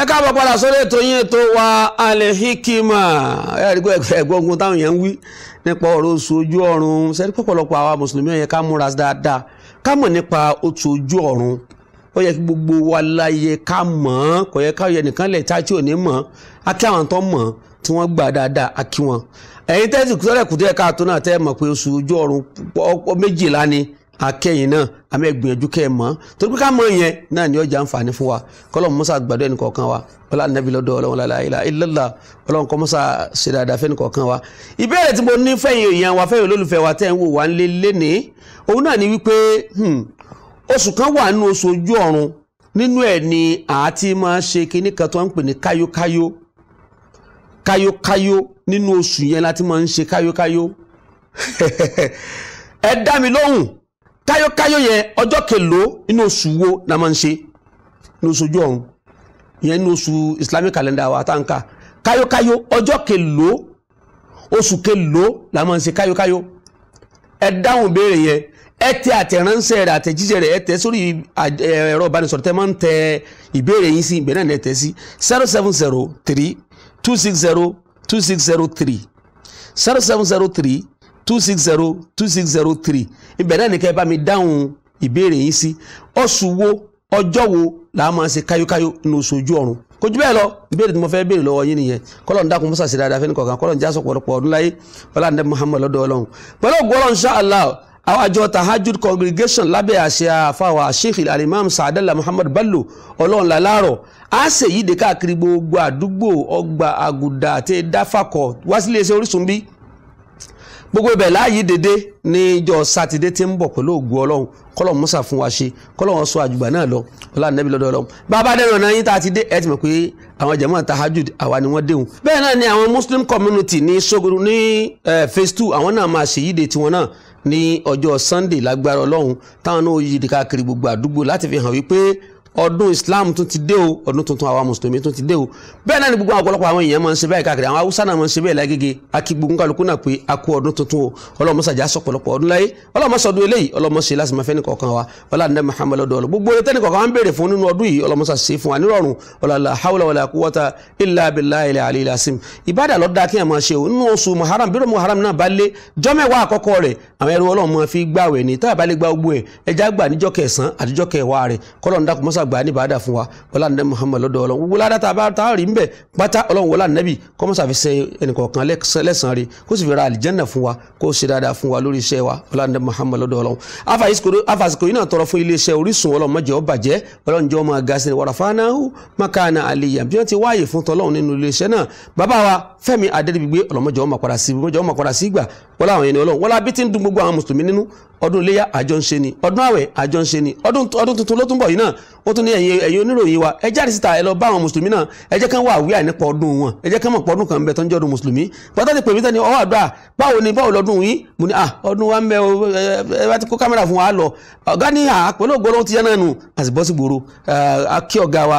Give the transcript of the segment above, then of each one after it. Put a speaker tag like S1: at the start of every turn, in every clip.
S1: ẹ káàbọ̀ padà sórí ètò yín ètò wa alehikima ẹgbọ́ngun táwọn èèyàn ń wí nípa ọ̀rọ̀ oṣù ojú ọ̀run sẹ́ni pọ̀pọ̀lọpọ̀ àwa mùsùlùmí yẹn ká múra dáadáa ká mọ̀ nípa oṣù ojú ọ̀run ó yẹ kí gbogbo wa láyé ká mọ̀ ọ́n kò yẹ ká yẹ nìkan lẹ̀ tá tí ò ní mọ̀ á kí àwọn tó mọ̀ tí wọ́n gbà dáadáa á kí wọn. ẹ̀yin tẹ́sí kútẹ́rẹ̀kútẹ́ káàtó náà tẹ́ mọ̀ pé oṣù ojú ọ̀run méjìlá ni akẹ́yìn náà àmì ẹgbìyànjú kẹ́ ẹ mọ̀ torí pé ká mọ̀ yẹn náà ni ọjà àǹfààní fún wa kọ́lọ́mù musa gbàdọ́ ẹnì kọ̀ọ̀kan wa ọlá nàbí lọ́dọ̀ ọlọ́run lálẹ́ àyílá ìlọ́lá ọlọ́run kọ́ musa ṣe dáadáa fẹ́ni kọ̀ọ̀kan wa. ìbéèrè tí mo ní fẹ́yìn èèyàn wa fẹ́yìn olólùfẹ́ wa tẹ́ ń wò wá lé lénìí òun náà ni wípé hmm, oṣù kan wà nínú oṣù ojú ọ̀run nínú ẹ̀ ni àti máa ṣe kinní kan tó ń pè ní káyókáyó káyókáyó nínú oṣù yẹn láti máa ń ṣe káyókáyó ẹ dá mi lóhùn káyókáyó yẹn ọjọ́ kẹlòó inú oṣù wo la máa ń ṣe ní oṣù ojú ọ̀run ìyẹn ní oṣù islamic calendar wa tá n kà káyókáyó ọjọ́ kẹlòó oṣù kẹlòó la máa ń ṣe káyókáyó ẹ dáhùn béèrè yẹn ẹ tẹ àtẹ̀ránṣẹ́ rẹ̀ àtẹ̀jíṣẹ́ rẹ̀ ẹ tẹ sórí ẹ̀rọ ìbánisọ̀rọ̀ tẹ máa ń tẹ ìbéèrè yín sí ìbẹ̀rẹ̀ náà tẹ sí zero seven zero three two six zero two six zero three zero seven zero three two six zero two six zero three ibẹ̀ náà nìkan ẹ bá mi dáhùn ìbéèrè yín sí oṣù wo ọjọ́ wo làá máa ṣe káyókáyó ní oṣù ojú ọ̀run kò jù bẹ́ẹ̀ lọ ìbéèrè tí mo fẹ́ béèrè lọ́wọ́ yín nìyẹn kọ́lọ̀ ń dákun musa sí dáadáa fẹ́ni kọ̀ọ̀kan kọ́lọ̀ ń jásọ̀ pọ̀lọpọ̀ ọdún láyé ọlá ń dẹ́ muhammed lọ́dọ̀ ọlọ́run pẹ̀lú ògbó ọlọ́run insha Allah àwọn àjọ tahajud congregation lábẹ́ àṣẹ àfàwà sheikh alimam saadala muhammad bello ọlọ́run làlárọ̀ á ṣe yíde káàkiri gbogbo àdúgbò ọgbà àgùdà àti dáfàkọ̀ wá sílé iṣẹ́ Orísun bíi gbogbo ibẹ̀ láàyè dédé níjọ́ sátidé tí ń bọ̀ pẹ̀lú ògùn ọlọ́run kọ́lọ̀ musa fún wa ṣe kọ́lọ̀ wọn sọ àjùgbà náà lọ ọlá nẹ́bí lọ́dọ̀ ọlọ́run bàbá dẹ́nu ọ̀nà yín tá a ti dé ẹ ti mọ̀ pé àwọn jàmáà tahajud àwa ni wọ́n déhùn bẹ́ẹ̀ náà ni àwọn muslim community ní sogoro ní phase two àwọn náà máa ṣe yíde tiwọn náà ní ọjọ́ sunday lágbára ọlọ́run táwọn náà yíde káàkiri gbogbo àdúgbò láti fi ọdún islam tún ti dé o ọdún tuntun àwa mùsùlùmí tún ti dé o bẹ́ẹ̀ náà ni gbogbo àwọn ọ̀pọ̀lọpọ̀ àwọn èèyàn máa ń ṣe bẹ́ẹ̀ káàkiri àwọn haúsá náà máa ń ṣe bẹ́ẹ̀ lágége akí gbogbo kálukú náà pé a kú ọdún tuntun o ọlọ́mọsàjà sọ̀pọ̀lọpọ̀ ọdún láyé ọlọ́mọsọdún eléyìí ọlọ́mọṣe láti máa fẹ́ ní kọ̀ọ̀kan wa ọlọ́dẹ muhammed ọdọọlọ gbogbo ẹni tẹ́nì kọ̀ọ̀kan ń béèrè fún nínú ọdún yìí ọlọ́mọsàṣe fún sim ìbádà lọ́dà kí ẹ̀ máa ṣe o nínú oṣù muharram bí muharram náà bá lé jọ́mẹ̀wá àkọ́kọ́ rẹ̀ àwọn ẹrú ọlọ́mọ fi gbàwẹ̀ ní tá sàgbà ní bàdà fún wa wọlá nàbí muhammad lọ́dọ̀ ọlọ́run wọlá dátà bá tá a rí mbẹ pátá ọlọ́run wọlá nàbí kọ́mọ́sà fi ṣe ẹnìkọ̀ọ̀kan lẹ́sàn-án rí kó sì fi ra àlìjẹ́nà fún wa kó ṣe dáadáa fún wa lórí iṣẹ́ wa wọlá nàbí muhammad lọ́dọ̀ ọlọ́run afàsìkò yìí náà tọrọ fún iléeṣẹ́ orísun ọlọ́run má jẹ́ ó bàjẹ́ ọlọ́run jẹ́ ó máa ga sí makana aliya bí wọ́n ti wáyè fún tọ́lọ́run nínú iléeṣẹ́ náà bàbá wa fẹ́mi adẹ́rẹ́gbẹ̀gbẹ́ ọlọ́mọjọ́ ọmọ padà sí ọmọjọ́ ọmọ padà sí ìgbà wọlá àwọn yẹn ni ọlọ́run wọlá bí ti ń dun gbogbo àwọn mùsùlùmí nínú ọdún iléyà àjọ ń ṣe ni ọdún àwẹ̀ àjọ ń ṣe ni ọdún tuntun ló tún bọ̀ yìí náà ó tún ní ẹ̀yin ẹ̀yin oníròyìn wa ẹ jáde síta ẹ lọ bá àwọn mùsùlùmí náà ẹ jẹ́ kán wà wíwà nípa ọdún wọn ẹ jẹ́ kán mọ̀ pọ̀ ọdún kan ń bẹ tó ń jẹ́ ọdún mùsùlùmí pátá ti pè mí tẹ́ni ọwọ́ àdúrà báwo ni báwo lọ́dún yìí mo ní ọdún wa ń bẹ ẹ bá ti kó kámẹ́rà fún wa lọ ọ̀gá ní àpẹẹrẹ ògbólóhùn ti yẹn náà nù àti bọ́sìgbòrò akí ọ̀gá wa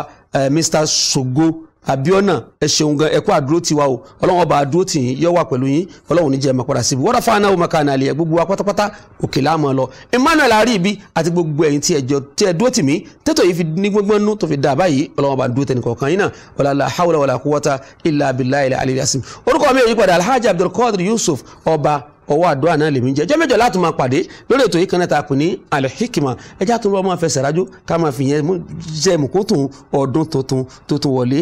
S1: Mr. Sogo Abiona ẹ ṣeun gan ẹ kú àdúró tiwa o ọlọ́run ọba àdúró tì yín yọ wà pẹ̀lú yín ọlọ́run níjẹ́ ẹ̀mọ́ padà síbi wọ́n fáwọn náà máa kàn àlẹ́ gbogbo wa pátápátá òkè láàmú ọ lọ Emmanuel Ariibi àti gbogbo ẹ̀yin tí ẹ̀jọ tí ẹ dúró tì mí tètò yìí fi ní gbogbo ẹnu tó fi dà báyìí ọlọ́run ọba àdúró tẹnìkọ̀ kan yín náà wàlá la hawla wàlá quwwata illa billahi al-ali orúkọ mi yìí padà Alhaji Abdulkadir Yusuf ọba ọwọ́ àdúrà náà lèmi jẹ́ ọjọ́ mẹ́jọ láti máa pàdé lórí ètò yìí kan náà ta pè ní alihikima ẹjá tó ń bọ́ máa fẹsẹ̀ rájú ká máa fi yẹn jẹ́ mùkútùn ọdún tuntun tuntun wọlé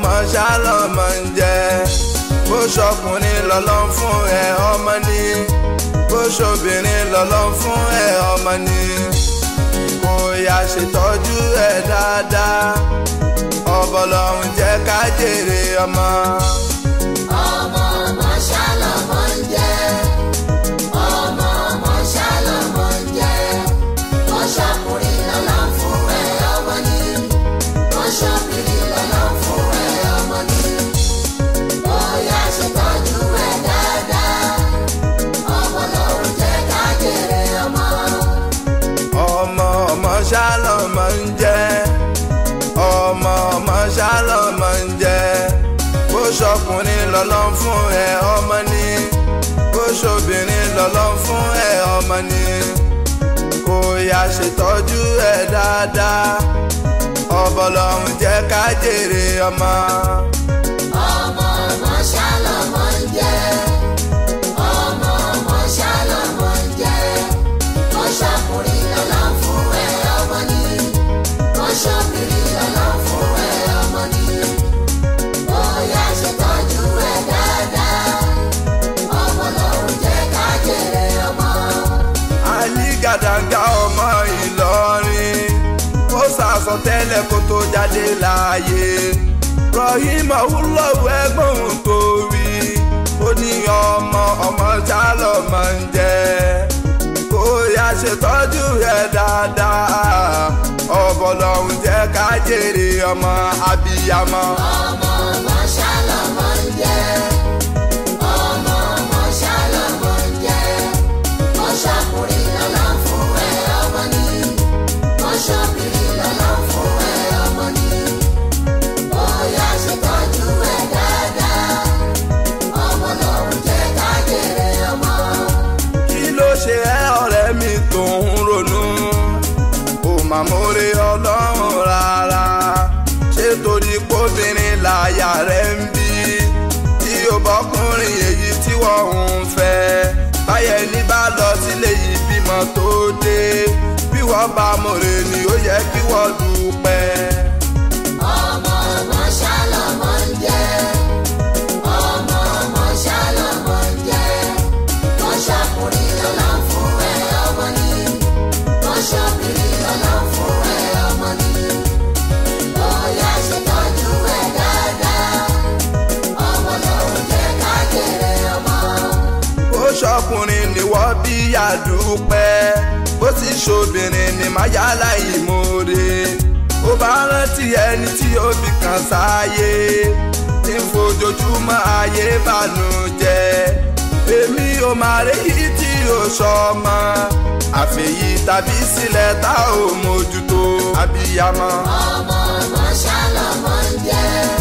S2: ọmọ ṣálọ́mọ ń jẹ bó ṣọkùnrin lọ́lọ́ fún ẹ ọmọ ni bó ṣobìnrin lọ́lọ́ fún ẹ ọmọ ni kò yá ṣètọ́jú ẹ dáadáa ọbọ̀ lọ́hún jẹ́ ká
S3: jèrè ọmọ.
S2: ṣàlọ́mọ ń jẹ́ ọmọ ọmọ ṣàlọ́mọ ń jẹ́ bó ṣọkùnrin lọ́lọ́ fún ẹ ọmọ ni bó ṣobìnrin lọ́lọ́ fún ẹ ọmọ ni kò yá ṣètọ́jú ẹ dáadáa ọbọ̀lọ́hún jẹ́ ká jèrè ọmọ.
S3: ọmọ ọmọ ṣàlọ́mọ ń jẹ́.
S2: gàdàgbà ọmọ Ìlọrin ó sàsọ tẹ́lẹ̀ kó tó jáde láàyè Rahima wúlọ́wù ẹgbọ́n torí ó ní ọmọ ọmọ jálọ̀ máa ń jẹ́ kó yá ṣètọ́jú rẹ̀ dáadáa ọ̀bọ̀ lọ́hùn jẹ́ ká jèrè ọmọ abiyamọ.
S3: ọmọ ọmọ ṣálọ̀ máa ń jẹ́.
S2: ṣe ẹ́ ọ̀rẹ́ mi tó ń ronú kò mà mórí ọlọ́run rárá ṣé torí kóbìnrin láyà rẹ̀ ń bí tí o bọ́kùnrin èyí tí wọ́n ń fẹ́ báyẹn ní bá lọ sílé yìí bímọ tó dé bí wọ́n bá mọ̀rẹ́ ni ó yẹ kí wọ́n dúpẹ́. ọkùnrin ni wọ́n bí àdúpẹ́ bó sì ṣobìnrin ni máyálà ìmoore ó bá rántí ẹni tí ó fi kàn sáyé tí ń fojoojúmọ́ ayé bànújẹ́ èmi ò máa rí tí ò sọmọ àfẹ̀yí tàbí sílẹ̀ tá ò
S3: mójútó abiyamọ. ọmọ ọmọ ṣálọ̀ ń jẹ́.